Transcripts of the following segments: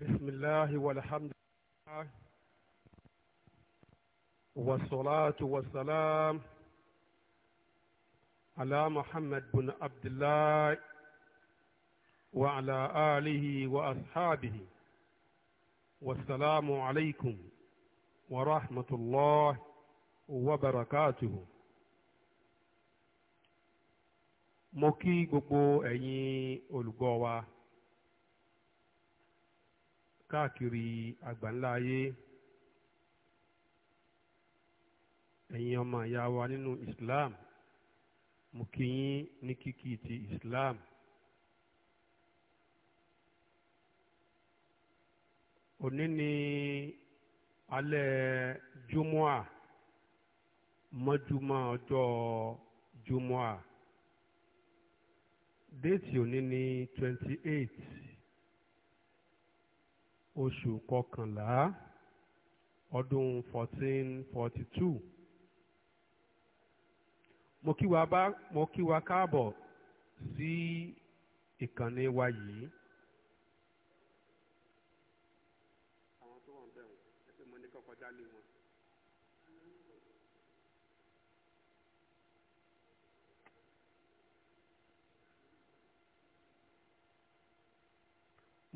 بسم الله والحمد لله والصلاة والسلام على محمد بن عبد الله وعلى آله وأصحابه والسلام عليكم ورحمة الله وبركاته mo kí gbogbo ẹ̀yin káàkiri àgbáńlá ayé ẹ̀yin ọmọ ìyá wa nínú Islam mo kí yín ní kíkí ti Islam òní ni alẹ́ júmọ́à mọ́júmọ́ ọjọ́ júmọ́à déètì òní ni twenty eight oṣù kọkànlá ọdún 1442 mo kí wa bá mo kí wa káàbọ̀ sí ìkànnì wa yìí.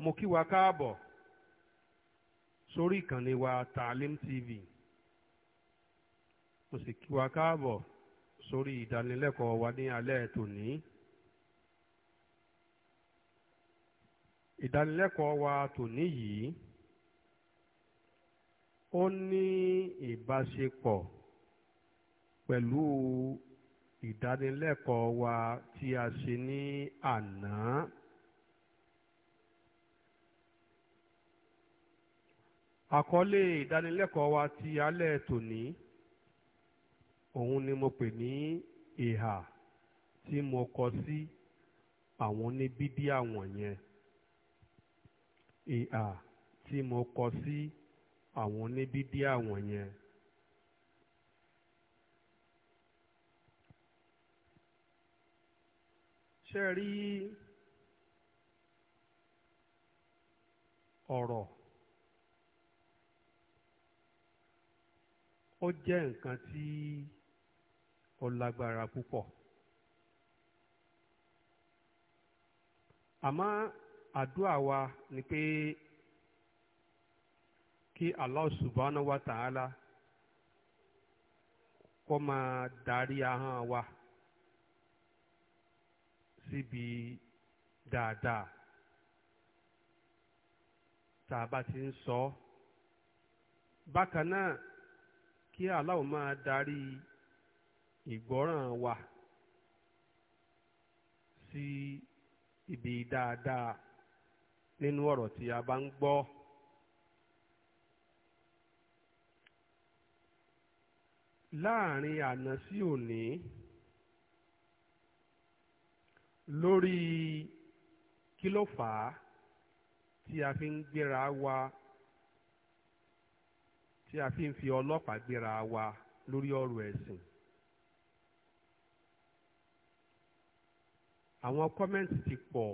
mo kí wa káàbọ̀ sórí ìkànnì wa Taalim TV mo sì kí wa káàbọ̀ sórí ìdánilẹ́kọ̀ọ́ wa ní alẹ́ tòní. ìdánilẹ́kọ̀ọ́ wa tòní yìí ó ní ìbáṣepọ̀ pẹ̀lú ìdánilẹ́kọ̀ọ́ wa tí a ṣe ní àná. àkọlé ìdánilẹ́kọ̀ọ́ wa ti alẹ́ tòní òun ni mo pè ní ìhà tí mo kọ sí àwọn oníbídíà wọ̀nyẹn ìhà tí mo kọ sí àwọn oníbídíà wọ̀nyẹn. ṣe rí ọ̀rọ̀ ó jẹ́ nǹkan tí ó lágbára púpọ̀ àmọ́ àdúrà wa ni pé kí Allah subhanahu wa ta'ala kó máa darí ahọ́n wa síbi dáadáa tá a bá ti ń sọ bákan náà. kí Allah máa darí ìgbọ́ràn wa sí ibi dáadáa nínú ọ̀rọ̀ tí a bá ń gbọ́. láàrin àná sí òní lórí kí ló fà á tí a fi ń gbéra wa tí a fi ń fi ọlọ́pàá gbéra wa lórí ọ̀rọ̀ ẹ̀sìn. àwọn kọ́mẹ́ǹtì ti pọ̀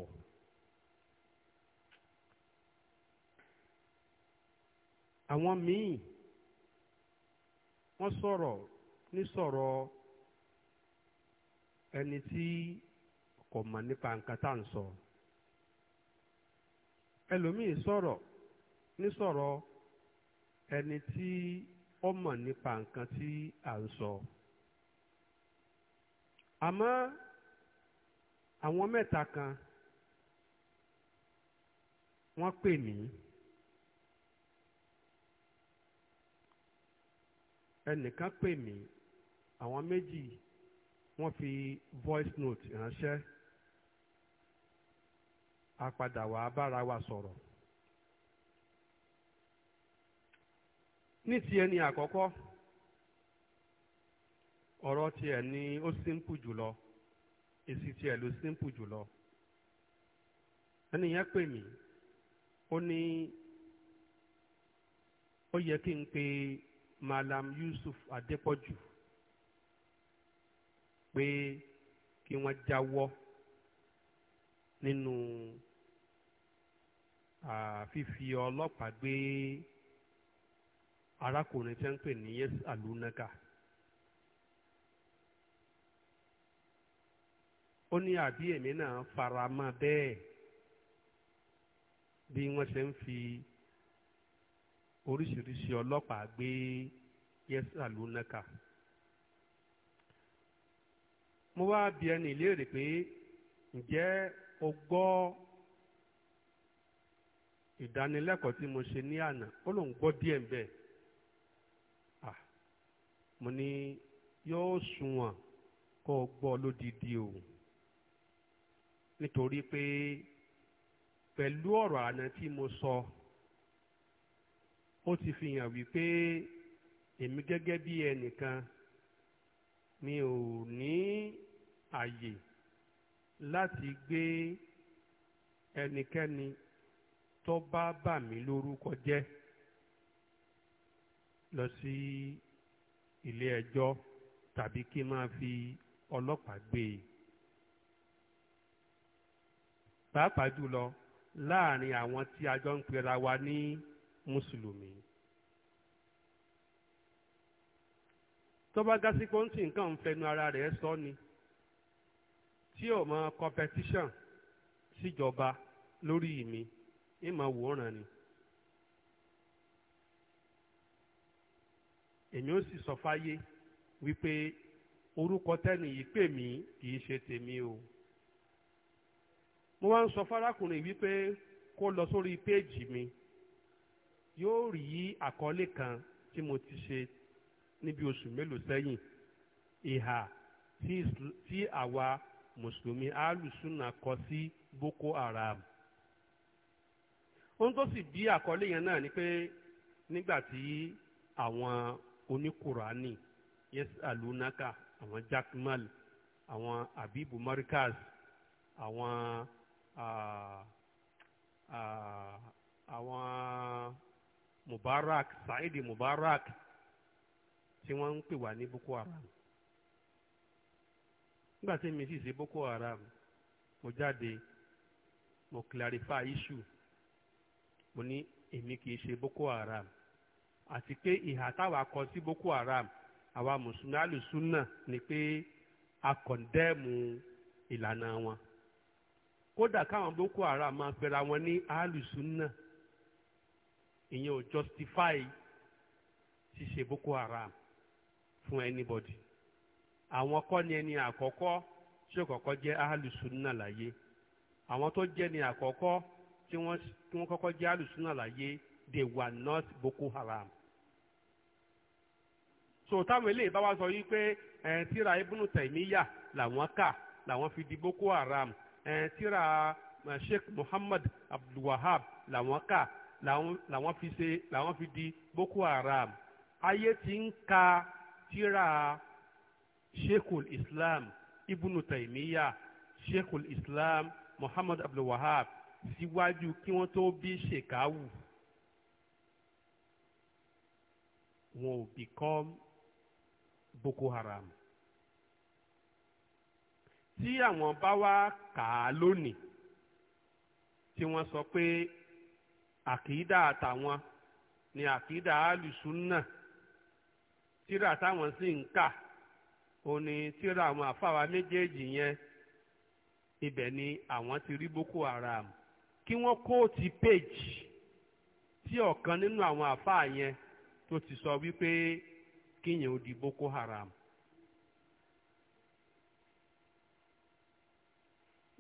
àwọn míì wọ́n sọ̀rọ̀ nísọ̀rọ̀ ẹni tí kò mọ̀ nípa nǹkan tá à ń sọ ẹlòmíì sọ̀rọ̀ nísọ̀rọ̀ ẹni tí ó mọ̀ nípa nǹkan tí à ń sọ. àmọ́ àwọn mẹ́ta kan wọ́n pè mí ẹnìkan pè mí àwọn méjì wọ́n fi voice note ránṣẹ́ a padà wá bára wa sọ̀rọ̀. ní ti ẹni àkọ́kọ́ ọ̀rọ̀ tiẹ̀ ni ó simple jùlọ èsì tiẹ̀ ló simple jùlọ ẹni yẹn pè mí ó ní ó yẹ kí n pe Malam Yusuf adepoju pé kí wọ́n jáwọ́ nínú fífi ọlọ́pàá gbé. arákùnrin tí wọ́n pè ní yes alunaka ó ní àbí èmi náà fara mọ́ bẹ́ẹ̀ bí wọ́n ṣe ń fi oríṣiríṣi ọlọ́pàá gbé yes alunaka mo wá bi ẹni léèrè pé ǹjẹ́ o gbọ́ ìdánilẹ́kọ̀ọ́ tí mo ṣe ní àná ó lóun gbọ́ díẹ̀ ń bẹ́ẹ̀. mo ní yóò sunwọ̀n kó o gbọ́ lódìdí o nítorí pé pẹ̀lú ọ̀rọ̀ àná tí mo sọ ó ti fi hàn wípé èmi gẹ́gẹ́ bí ẹnìkan mi ò ní àyè láti gbé ẹnikẹ́ni tó bá bà mí lórúkọ jẹ́ lọ sí. Si ilé ẹjọ́ tàbí kí máa fi ọlọ́pàá gbé e. pàápàá jùlọ láàrin àwọn tí a jọ ń pera wa ní mùsùlùmí. tó bá gá sí pọ́ńtì nǹkan ń fẹnu ara rẹ̀ sọ ni tí ò mọ competition síjọba lórí mi ìmọ̀ wòran ni. èmi ó sì sọ fáyé wípé orúkọ tẹ́nì yìí pè mí kì í ṣe tèmi o mo wá ń sọ fárákùnrin wípé kó lọ sórí péèjì mi yóò rí àkọlé kan tí mo ti ṣe níbi oṣù mélòó sẹ́yìn ìhà tí àwa mùsùlùmí alùsùnà kọ sí Boko Haram ohun tó sì bí àkọlé yẹn náà ni pé nígbà tí àwọn oníkùránì yes alunaka àwọn jackmal àwọn abibu marikas àwọn àwọn mubarak saidi mubarak tí wọ́n ń pè wá ní boko haram nígbà tí mi sì ṣe boko haram mo jáde mo clarify issue mo ní èmi kì í ṣe boko haram àti pé ìhà táwa kọ sí Boko Haram àwa mùsùlùmí alùsùnà ni pé a kọ̀ndẹ́ẹ̀mù ìlànà wọn kódà káwọn Boko Haram máa pera wọn ní alùsùnà ìyẹn ò justify ṣíṣe Boko Haram fún anybody àwọn kọ́ ni ẹni àkọ́kọ́ tí ó kọ́kọ́ jẹ́ alùsùnà láyé àwọn tó jẹ́ ni àkọ́kọ́ tí wọ́n kọ́kọ́ jẹ́ alùsùnà láyé they were not Boko Haram so táwọn eléyìí bá wá sọ yìí pé ẹn tíra ibùnú tẹ̀míyà làwọn kà làwọn fi di boko haram ẹn tíra sheikh muhammad abdulwahab làwọn kà làwọn fi ṣe làwọn fi di boko haram ayé ti ń ka tíra sheikhul islam ibùnú tẹ̀míyà sheikhul islam muhammad abdulwahab síwájú kí wọ́n tó bí shekawu wọn ò become Boko Haram tí àwọn bá wá kà á lónìí tí wọ́n sọ pé àkìdá àtàwọn ni àkìdá alùsùnà tíra táwọn sì ń kà ó ní tíra àwọn àfáwa méjèèjì yẹn ibẹ̀ ni àwọn ti rí Boko Haram kí wọ́n kóòtì péjì tí ọ̀kan nínú àwọn àfáà yẹn tó ti sọ wípé kéèyàn ó di Boko Haram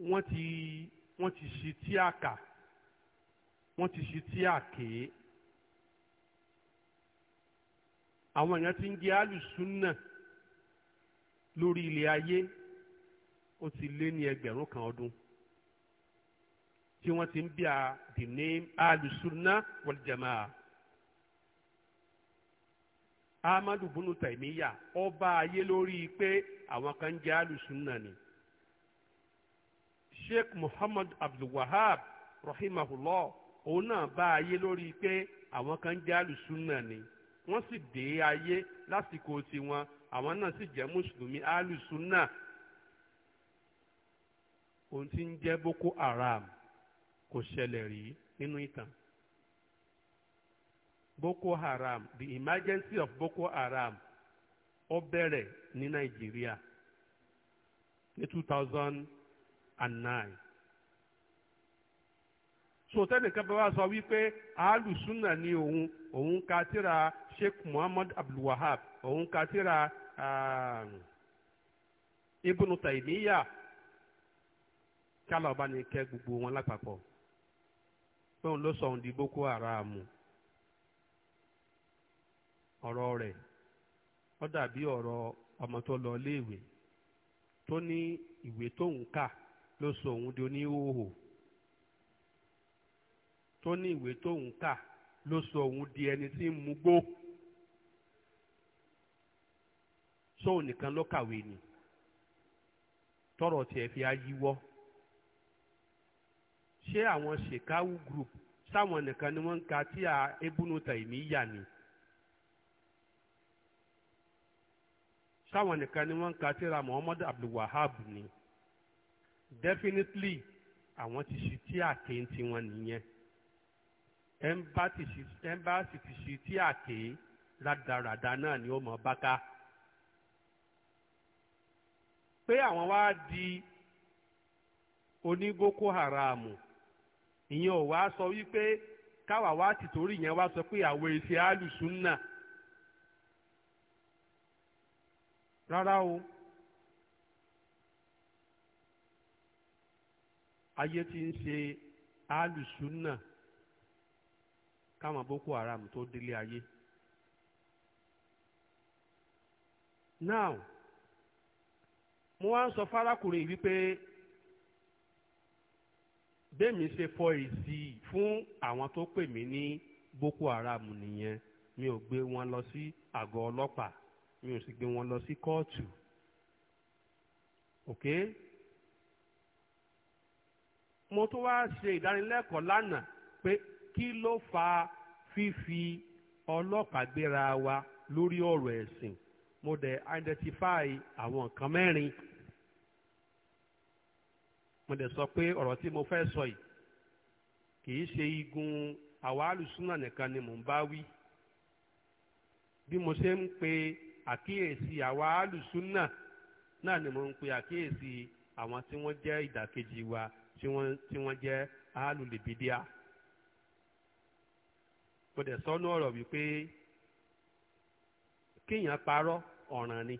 wọ́n ti wọ́n ti ṣi tí àkà wọ́n ti ṣi tí àké àwọn èèyàn ti ń jẹ́ alùsùnà lórí ilẹ̀ ayé ó ti lé ní ẹgbẹ̀rún kan ọdún tí wọ́n ti ń bí a the name alùsùnà wal jamaa amadu bunu taimiya ọba ayé lórí pé àwọn kan jẹ́ alùsùnà ni sheikh muhammad abdulwahab rahimahullah òun náà bá ayé lórí pé àwọn kan jẹ́ alùsùnà ni wọ́n sì dé ayé lásìkò tiwọn àwọn náà sì jẹ́ mùsùlùmí alùsùnà ohun tí ń jẹ́ boko haram kò ṣẹlẹ̀ rí nínú ìtàn Boko Haram the emergency of Boko Haram ó bẹ̀rẹ̀ ní Nàìjíríà ní two thousand and nine so tẹnìkan sọ wípé alùsùnà ni òun òun ka tíra Sheikh Muhammad Abdulwahab òun ka tíra um, Ibn Taymiyyah kálọ̀ bá ní kẹ́ gbogbo wọn lápapọ̀ pé òun ló sọ òun di Boko Haram. ọ̀rọ̀ rẹ̀ ó dàbí ọ̀rọ̀ ọmọ tó lọ iléèwé tó ní ìwé tóun kà ló sọ òun di oníhòòhò tó ní ìwé tóun kà ló sọ òun di ẹni tí ń mugbó sóun nìkan ló kàwé ni tọrọ tiẹ̀ fi ayíwọ́ ṣé àwọn ṣèkáwù group sáwọn nìkan ni wọ́n ń ka tí a ebúnú tàìmí yà ni. sáwọn nìkan ni wọ́n ń ka tíra Muhammad Abdulwahab ni definitely àwọn ti ṣi tí àké ti wọn nìyẹn ẹmbáàsì ti ṣi tí àké rádaràda náà ni ó mọ báká pé àwọn wá di oní Boko Haram ìyẹn ò wá sọ wípé káwa wá ti torí yẹn wá sọ pé àwọn èsì alùsùn náà. rárá o ayé ti ń ṣe alùsùnà káwọn boko haram tó délé ayé now mo wá ń sọ fárákùnrin wípé bẹ́ẹ̀mi ṣe fọ èsì fún àwọn tó pè mí ní boko haram nìyẹn mi ò gbé wọn lọ sí àgọ́ ọlọ́pàá mi ò sì gbé wọn lọ sí kóòtù ok mo tún wá ṣe ìdánilẹ́kọ̀ọ́ lánàá pé kí ló fa fífi ọlọ́pàá gbéra wa lórí ọ̀rọ̀ ẹ̀sìn mo dẹ̀ identify àwọn nǹkan mẹ́rin mo dẹ̀ sọ pé ọ̀rọ̀ tí mo fẹ́ sọ yìí kì í ṣe igun àwa alùsùnà nìkan ni mò ń bá wí bí mo ṣe ń pe àkíyèsí àwa alùsùnà náà ni mo ń pe àkíyèsí àwọn tí wọ́n jẹ́ ìdàkejì wa tí wọ́n tí wọ́n jẹ́ alùlìbídíà. mo dẹ̀ sọ́nú ọ̀rọ̀ wípé kéèyàn parọ́ ọ̀ràn ni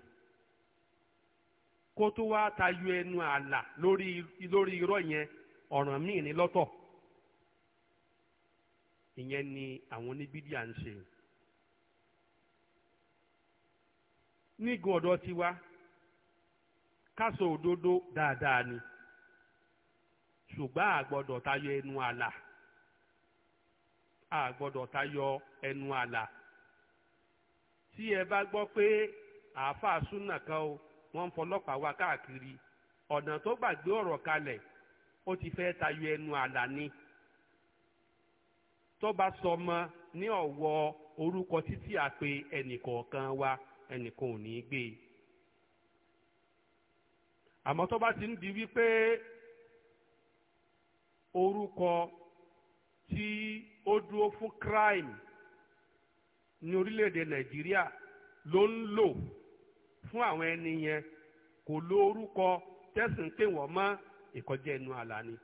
kó tó wá tayọ ẹnu ààlà lórí lórí irọ́ yẹn ọ̀ràn míì ní lọ́tọ̀ ìyẹn ni àwọn oníbídíà ń ṣe. nígun ọ̀dọ̀ tiwa ká òdodo dáadáa ni ṣùgbọ́n àgbọ̀dọ̀ tayọ ẹnu àlà àgbọ̀dọ̀ tayọ ẹnu àlà tí ẹ bá gbọ́ pé àáfàá súnà kan o wọ́n ń fọlọ́pàá wá káàkiri ọ̀nà tó gbàgbé ọ̀rọ̀ kalẹ̀ ó ti fẹ́ tayọ ẹnu àlà ni tó bá sọmọ ní ọ̀wọ́ orúkọ títí àpè ẹnìkọ̀ọ̀kan wa ẹnìkan ò ní í gbé e àmọ́ tó bá ti ń di wípé orúkọ tí ó dúró fún crime ní orílẹ̀-èdè nàìjíríà ló ń lò fún àwọn ẹni yẹn kò lo orúkọ tẹ̀sán pé wọ́n mọ́ ìkọjá ẹnu àlá ni.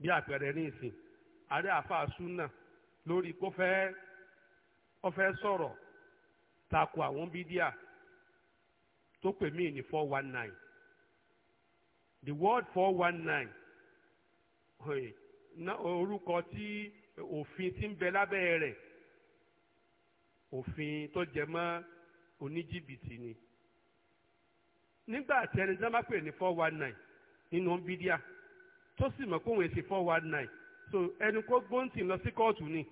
bí àpẹẹrẹ ní ìsìn àárẹ̀ àfa àsúnà lórí kó fẹ́ẹ́ ó fẹ́ sọ̀rọ̀ tako àwọn bídíà tó pè mí ní four one nine the word four one nine orúkọ tí òfin ti ń bẹ lábẹ́ rẹ̀ òfin tó jẹ mọ́ oníjìbìtì ni nígbà tí ẹni tí wọ́n bá pè ní four one nine nínú bídíà tó sì mọ̀ kóhun èsì four one nine so ẹni kó gbóǹtì lọ sí kóòtù ni.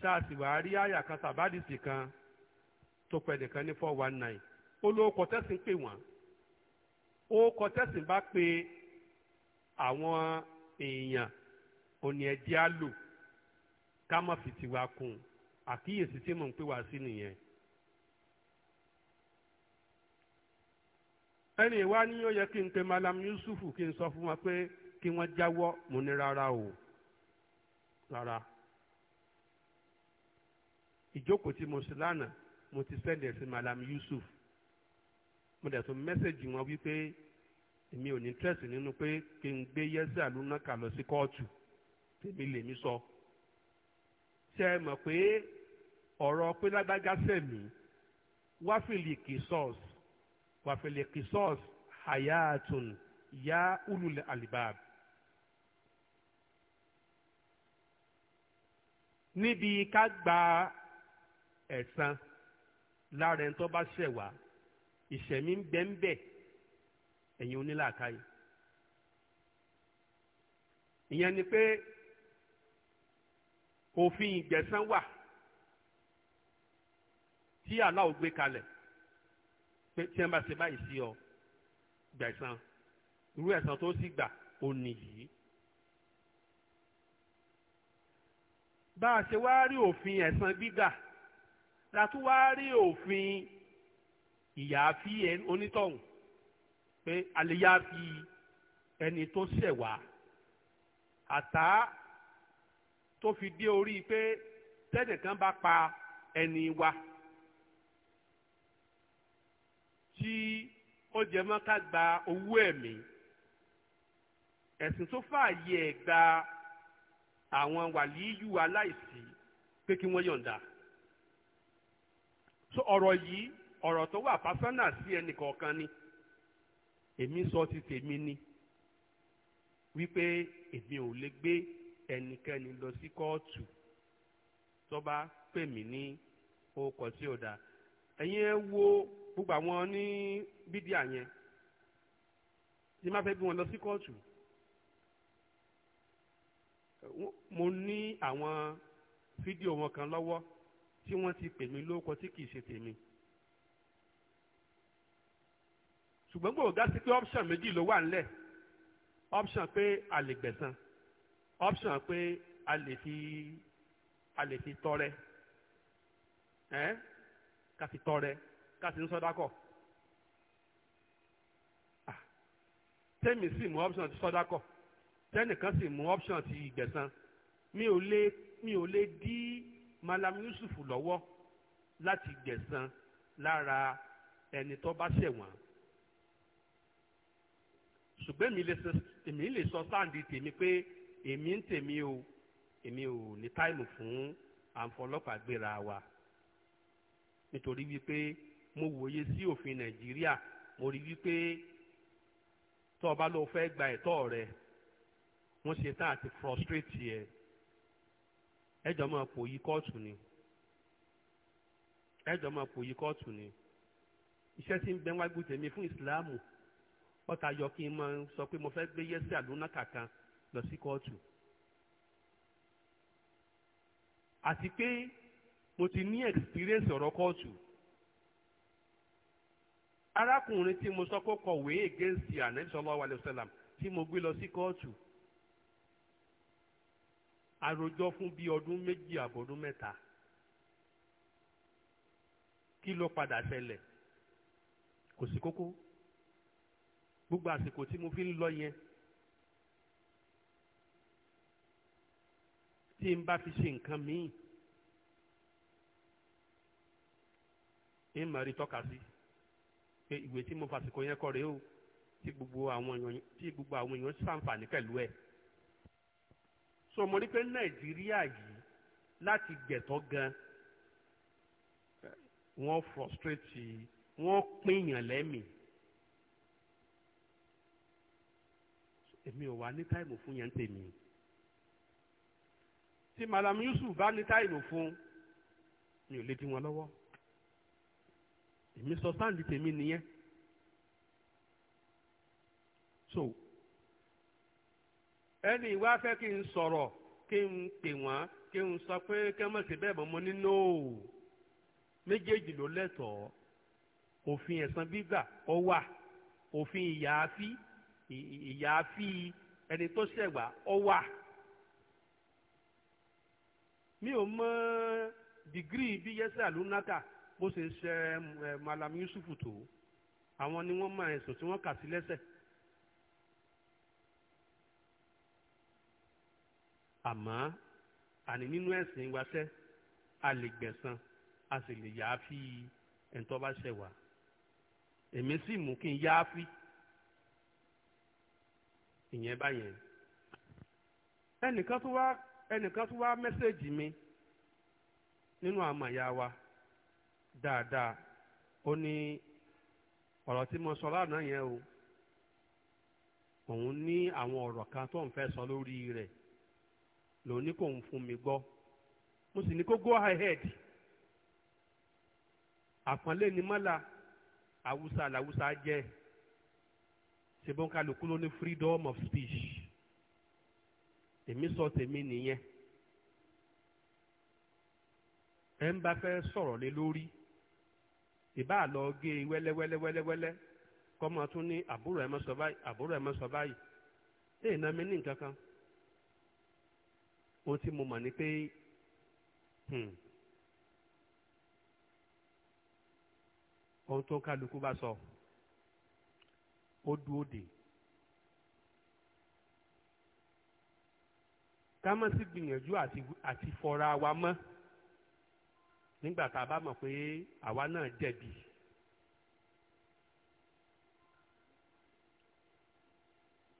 tá a sì wá rí àyà kan tàbádìsì kan tó pẹ̀ nìkan ní four one nine ó ló kọ tẹ́sìn pè wọ́n ó kọ tẹ́sìn bá pe àwọn èèyàn òní ẹ̀jẹ̀ á lò ká má fi tiwa kún àkíyèsí tí mò ń pè wá sí nìyẹn. ẹni ìwá ni ó yẹ kí n pe malam Yusuf kí n sọ fún wọn pé kí wọ́n jáwọ́ mo ní rárá o rárá ìjókòó tí mo ṣe lánàá mo ti send ẹ̀ sí Malam Yusuf mo dẹ̀ tún mẹ́sẹ̀gì wọn wípé èmi ò ní tẹ́sì nínú pé kí n gbé yẹ́sẹ̀ àlùnáka lọ sí kóòtù tèmi lèmi sọ. ṣé ẹ mọ̀ pé ọ̀rọ̀ pé sẹ̀mí wáfìlì kìsọ́ọ̀s wáfìlì kìsọ́ọ̀s hayatun ya ulul alibab. níbi ká gba ẹ̀san lára ẹni tó bá ṣẹ̀ wá ìṣẹ̀mí ń bẹ ń bẹ ẹ̀yin onílàákàyè ìyẹn ni pé òfin ìgbẹ̀san wà tí aláwo gbé kalẹ̀ pé tí wọ́n bá ṣe báyìí sí ọ gbẹ̀san irú ẹ̀san tó sì gbà ò nìyí. bá a ṣe wá rí òfin ẹ̀san gbígbà la tún wá rí òfin ìyááfí onítọ̀hún pé àlèyááfí ẹni tó ṣẹ̀ wá àtá tó fi dé orí pé tẹ́nìkan bá pa ẹni wa tí ó jẹ mọ́ ká gba owó ẹ̀mí ẹ̀sìn tó fààyè ẹ̀ gba àwọn wàlíyù aláìsí pé kí wọ́n yọ̀ǹda so ọ̀rọ̀ yìí ọ̀rọ̀ tó wà pásánà sí ẹnì kọ̀ọ̀kan ni èmi sọ ti tèmi ni wípé èmi ò lè gbé ẹnikẹ́ni lọ sí kóòtù tó bá pè mí ní orúkọ tí ò dáa ẹ̀yin ẹ wo gbogbo àwọn ní bídíà yẹn tí má fẹ́ bí wọn lọ sí kóòtù mo ní àwọn fídíò wọn kan lọ́wọ́ tí wọ́n ti pè mí lóko tí kìí ṣe tèmi. ṣùgbọ́n gbòòrò ga sí pé option méjì ló wà ńlẹ̀ option pé a lè gbẹ̀san option pé a lè fi a lè fi tọrẹ ẹ ká fi tọrẹ ká sì ń sọdákọ̀ tẹ́mi sì mú option ti sọdákọ̀ tẹ́nìkan sì mú option ti ìgbẹ̀san mi ò lè mi ò lè dí malam yusuf lọ́wọ́ láti gbẹ̀san lára ẹni tó bá ṣẹ̀wọ̀n ṣùgbọ́n èmi lè sọ sáǹdì tèmi pé èmi ń tèmi o èmi ò ní táìmù fún àǹfọlọ́pàá gbéra wa nítorí wípé mo wòye sí òfin nàìjíríà mo rí wípé tó o fẹ́ gba ẹ̀tọ́ rẹ wọ́n ṣe tán àti frustrate yẹn ẹjọ́ máa pò yí kóòtù ni ẹjọ́ máa pò yí kóòtù ni iṣẹ́ tí ń bẹ wájú tèmi fún ìsìláàmù ọ̀tá yọ kí n máa sọ pé mo fẹ́ gbé yẹ́sẹ̀ àlùná kàkan lọ sí kóòtù àti pé mo ti ní experience ọ̀rọ̀ kóòtù arákùnrin tí mo sọ kó kọ̀wé against anabi sallallahu alaihi wasallam tí mo gbé lọ sí kóòtù àròjọ fún bíi ọdún méjì àbọ̀dún mẹ́ta kí ló padà ṣẹlẹ̀ kò sí kókó gbogbo àsìkò tí mo fi ń lọ yẹn tí n bá fi ṣe nǹkan míì ń mọ̀rí tọ́ka sí pé ìwé tí mo fàsìkò yẹn kọ rèé o tí gbogbo àwọn èèyàn tí gbogbo àwọn èèyàn ṣàǹfààní pẹ̀lú ẹ̀ so mo rí pé nàìjíríà yìí láti gbẹ̀tọ́ gan wọ́n frustrate wọ́n pínyàn lẹ́mìí èmi ò wá ní táìmù fún yẹn ń tèmi tí malam yusuf bá ní táìmù fún mi ò lè di wọn lọ́wọ́ èmi sọ sáǹdì tèmi nìyẹn so ẹni ìwá fẹ́ kí n sọ̀rọ̀ kí n pè wọ́n kí n sọ pé kí wọ́n sì bẹ́ẹ̀ bọ́ mo ní nóò méjèèjì ló lẹ́tọ̀ọ́ òfin ẹ̀san gbígbà ó wà òfin ìyàáfí ìyàáfí ẹni tó ṣẹ̀gbà ó wà mi ò mọ dìgírì bí yẹsẹ àlùnáka bó ṣe ṣe ẹ malam yusufu tó àwọn ni wọ́n máa ẹ̀sùn tí wọ́n kà sí lẹ́sẹ̀. àmọ́ àní nínú ẹ̀sìn waṣẹ́ a lè gbẹ̀san a sì lè yááfì ẹni tó bá ṣẹ̀ wá èmi sì mú kí n yááfì ìyẹn báyẹn ẹnìkan tó wá ẹnìkan tó wá mẹ́sẹ̀gì mi nínú àmọ̀ wa dáadáa ó ní ọ̀rọ̀ tí mo sọ lánàá yẹn o òun ní àwọn ọ̀rọ̀ kan tó ń fẹ́ sọ lórí rẹ̀ lòun ní kò ń fún mi gbọ́ mo sì ní kó go ahead àpọ́nlé ni mọ́là awúsá làwúsá jẹ́ ṣebọ́nkálukú ló ní freedom of speech èmi sọ tèmi nìyẹn ẹ ń bá fẹ́ sọ̀rọ̀ lé lórí ìbá lọ gé e wẹ́lẹ́wẹ́lẹ́ wẹ́lẹ́wẹ́lẹ́ kọ́mọ tún ní àbúrò ẹ̀ mọ́ sọ báyìí àbúrò ẹ̀ mọ́ sọ báyìí èèyàn mi ní nǹkan kan ohun tí mo mọ̀ ni pé hmm, ohun tó kálukú bá sọ ó dúró dè. ká má sì gbìyànjú àti fọra wa mọ́ nígbà tá a bá mọ̀ pé àwa náà jẹ̀bi.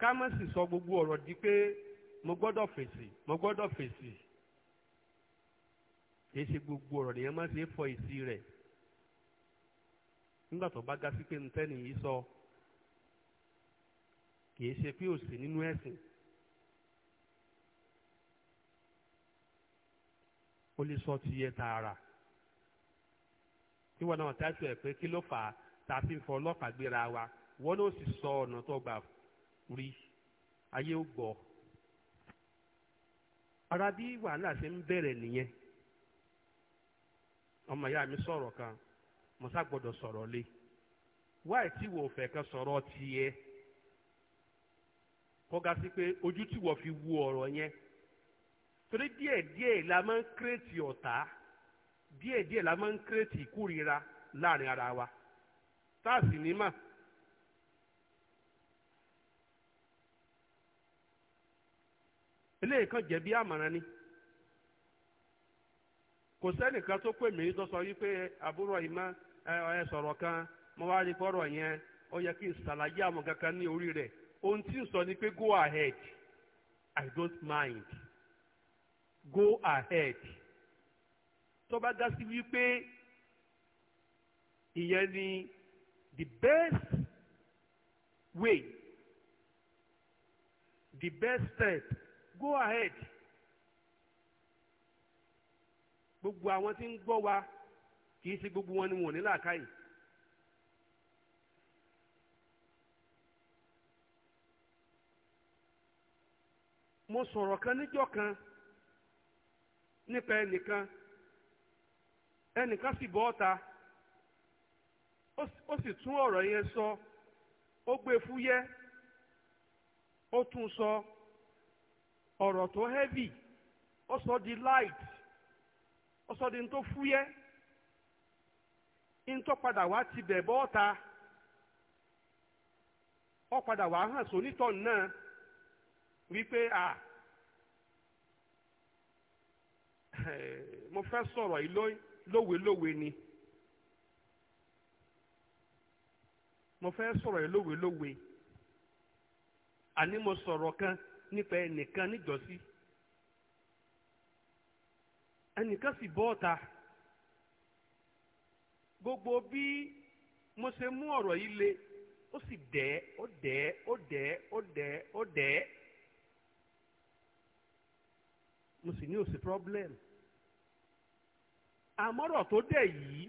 ká má sì sọ gbogbo ọ̀rọ̀ di pé mo gbọdọ fèsì mo gbọdọ fèsì kì í ṣe gbogbo ọ̀rọ̀ nìyẹn má ṣe fọ èsì rẹ nígbà tó bá ga sí sọ kì í ṣe pé ò nínú ẹ̀sìn ó lè sọ tiẹ̀ tààrà ìwọ náà táìtù ẹ̀ pé kí ló fà á fi ń fọ ọlọ́pàá gbéra wa sọ ọ̀nà tó gbà rí ayé ara bí wàhálà ṣe ń bẹ̀rẹ̀ nìyẹn ọmọ mi sọ̀rọ̀ kan musa gbọdọ sọ̀rọ̀ lé wáì tí wò fẹ́ kan sọ̀rọ̀ tiẹ̀ kọ́ga sí pé ojú tí fi wu ọ̀rọ̀ yẹn torí la máa ń kírètì ọ̀tá díẹ̀ díẹ̀ la máa ń kírètì ìkórira láàrin ara wa táàsì eléyìí kan jebi bí ni kò sẹ́nìkan tó pe mí tó sọ wípé àbúrò ìmọ̀ ẹ sọ̀rọ̀ kan mo wá rí fọ́rọ̀ yẹn ó yẹ kí n ṣàlàyé àwọn kankan ní orí rẹ̀ ohun tí n sọ ni pé go ahead I don't mind go ahead tó bá dá sí wípé ìyẹn ni the best way the best step go ahead gbogbo àwọn tí ń gbọ́ wa kì í ṣe gbogbo wọn ni wọn ò ní làákàyè. mo sọ̀rọ̀ kan níjọ́ kan nípa ẹnìkan ẹnìkan sì bọ́ ọ̀ta ó sì tún ọ̀rọ̀ yẹn sọ ó gbé fúyẹ́ ó tún sọ. So ọ̀rọ̀ tó heavy ó sọ di light ó sọ di ntó fúyẹ́ ntó padà wá ti bẹ̀ bọ́ọ̀ta ó padà wá hàn sónítọ̀ náà wípé à mo fẹ́ sọ̀rọ̀ yìí lówelówe ni mo fẹ́ sọ̀rọ̀ yìí lówelówe àní mo sọ̀rọ̀ kan. nípa ẹnìkan níjọ́sí ẹnìkan sì bọ́ ọ̀ta gbogbo bí mo ṣe mú ọ̀rọ̀ yìí le ó sì dẹ́ ó dẹ́ ó dẹ́ ó dẹ́ ó dẹ́ mo sì ní òsì problem àmọ́rọ̀ tó dẹ̀ yìí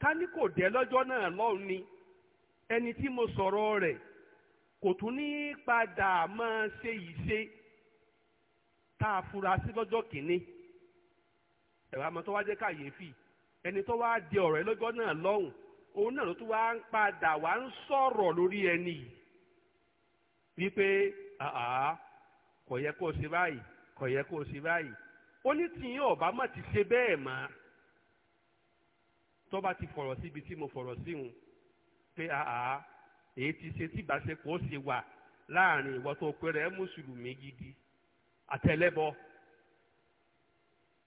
ká ní kò dẹ́ lọ́jọ́ náà lọ́hùn ni ẹni tí mo sọ̀rọ̀ rẹ̀ kò tún ní padà máa ṣe ìṣe tá a fura sí lọ́jọ́ kìíní ẹ̀rọ àmọ́ tó wá jẹ́ kàyéfì ẹni tó wá di ọ̀rọ̀ ẹ lọ́jọ́ náà lọ́hùn òun náà ló tún wá ń padà wá ń sọ̀rọ̀ lórí ẹni yìí wípé kò yẹ kó o ṣe báyìí kò yẹ kó o ṣe báyìí ó ní tìyín ọ̀bá mà ti ṣe bẹ́ẹ̀ mọ́ tó bá ti fọ̀rọ̀ síbi tí mo fọ̀rọ̀ sí òun pé èyí ti ṣe tí ìbáṣepọ̀ ó ṣe wà láàrin ìwọ tó mùsùlùmí gidi àtẹlẹ́bọ.